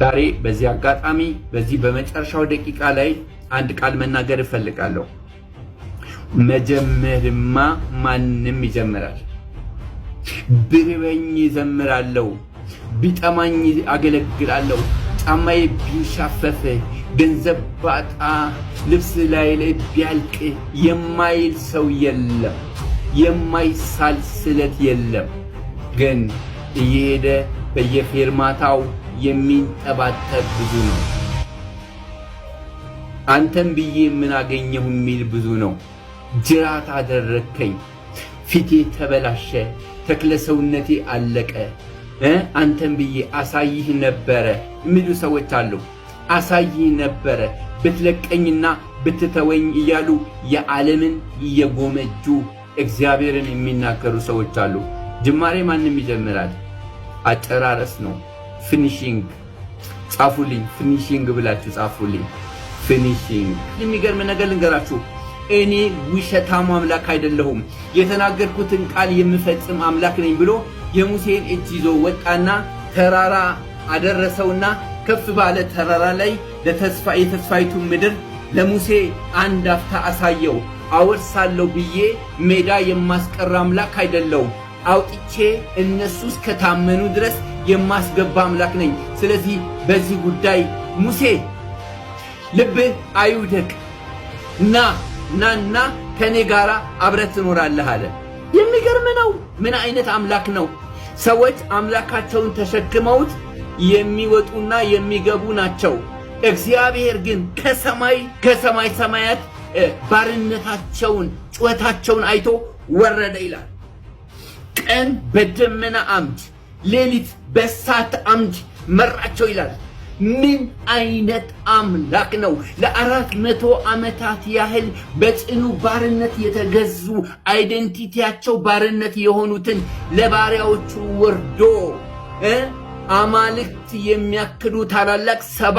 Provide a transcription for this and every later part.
ዛሬ በዚህ አጋጣሚ በዚህ በመጨረሻው ደቂቃ ላይ አንድ ቃል መናገር እፈልጋለሁ። መጀመርማ ማንም ይጀምራል። ብርበኝ ይዘምራለሁ ቢጠማኝ አገለግላለሁ፣ ጫማዬ ቢንሻፈፍ፣ ገንዘብ ባጣ፣ ልብስ ላይ ላይ ቢያልቅ የማይል ሰው የለም፣ የማይሳል ስለት የለም። ግን እየሄደ በየፌርማታው የሚንጠባጠብ ብዙ ነው። አንተም ብዬ ምን አገኘሁ የሚል ብዙ ነው። ጅራት አደረከኝ፣ ፊቴ ተበላሸ፣ ተክለ ሰውነቴ አለቀ፣ አንተም ብዬ አሳይህ ነበረ የሚሉ ሰዎች አሉ። አሳይህ ነበረ ብትለቀኝና ብትተወኝ እያሉ የዓለምን እየጎመጁ እግዚአብሔርን የሚናገሩ ሰዎች አሉ። ጅማሬ ማንም ይጀምራል፣ አጨራረስ ነው። ፊኒሺንግ ጻፉልኝ፣ ፊኒሺንግ ብላችሁ ጻፉልኝ። ፊኒሺንግ የሚገርም ነገር ልንገራችሁ። እኔ ውሸታም አምላክ አይደለሁም፣ የተናገርኩትን ቃል የምፈጽም አምላክ ነኝ ብሎ የሙሴን እጅ ይዞ ወጣና ተራራ አደረሰውና ከፍ ባለ ተራራ ላይ ለተስፋ የተስፋይቱን ምድር ለሙሴ አንድ አፍታ አሳየው። አወርሳለሁ ብዬ ሜዳ የማስቀር አምላክ አይደለሁም። አውጥቼ እነሱ እስከታመኑ ድረስ የማስገባ አምላክ ነኝ። ስለዚህ በዚህ ጉዳይ ሙሴ ልብህ አይውደቅ፣ ና ናና ከእኔ ጋር አብረት ትኖራለህ አለ። የሚገርም ነው። ምን አይነት አምላክ ነው? ሰዎች አምላካቸውን ተሸክመውት የሚወጡና የሚገቡ ናቸው። እግዚአብሔር ግን ከሰማይ ከሰማይ ሰማያት ባርነታቸውን ጩኸታቸውን አይቶ ወረደ ይላል። ቀን በደመና አምድ ሌሊት በእሳት አምድ መራቸው ይላል። ምን አይነት አምላክ ነው? ለአራት መቶ ዓመታት ያህል በጽኑ ባርነት የተገዙ አይደንቲቲያቸው ባርነት የሆኑትን ለባሪያዎቹ ወርዶ አማልክት የሚያክሉ ታላላቅ ሰባ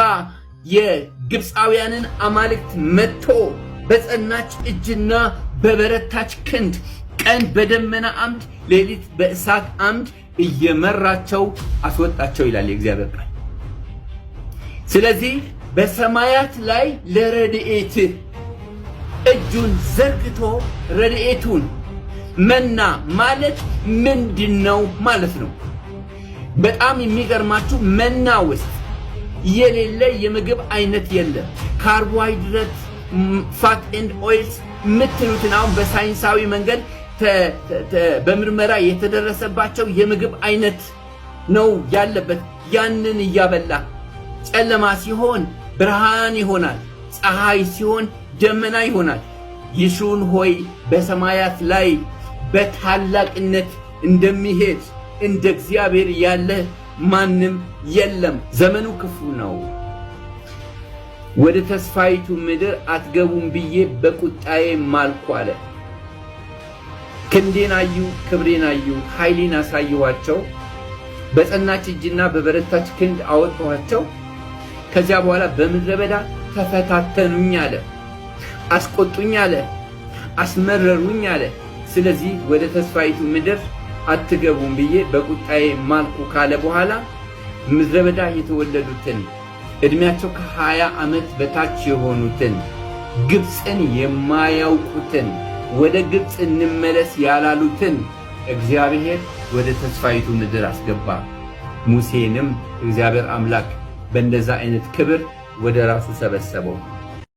የግብፃውያንን አማልክት መጥቶ በጸናች እጅና በበረታች ክንድ ቀን በደመና አምድ ሌሊት በእሳት አምድ እየመራቸው አስወጣቸው ይላል የእግዚአብሔር ቃል። ስለዚህ በሰማያት ላይ ለረድኤት እጁን ዘርግቶ ረድኤቱን መና ማለት ምንድን ነው ማለት ነው። በጣም የሚገርማችሁ መና ውስጥ የሌለ የምግብ አይነት የለም። ካርቦሃይድሬት ፋት ኤንድ ኦይልስ የምትሉትን አሁን በሳይንሳዊ መንገድ በምርመራ የተደረሰባቸው የምግብ አይነት ነው ያለበት። ያንን እያበላ ጨለማ ሲሆን ብርሃን ይሆናል፣ ፀሐይ ሲሆን ደመና ይሆናል። ይሹን ሆይ በሰማያት ላይ በታላቅነት እንደሚሄድ እንደ እግዚአብሔር ያለ ማንም የለም። ዘመኑ ክፉ ነው። ወደ ተስፋይቱ ምድር አትገቡም ብዬ በቁጣዬ ማልኩ አለ። ክንዴን አዩ፣ ክብሬን አዩ፣ ኃይሌን አሳየኋቸው። በጸናች እጅና በበረታች ክንድ አወጥኋቸው። ከዚያ በኋላ በምድረ በዳ ተፈታተኑኝ አለ፣ አስቆጡኝ አለ፣ አስመረሩኝ አለ። ስለዚህ ወደ ተስፋይቱ ምድር አትገቡም ብዬ በቁጣዬ ማልኩ ካለ በኋላ ምድረ በዳ የተወለዱትን ዕድሜያቸው ከሀያ ዓመት በታች የሆኑትን ግብፅን የማያውቁትን ወደ ግብፅ እንመለስ ያላሉትን እግዚአብሔር ወደ ተስፋይቱ ምድር አስገባ። ሙሴንም እግዚአብሔር አምላክ በእንደዛ አይነት ክብር ወደ ራሱ ሰበሰበው።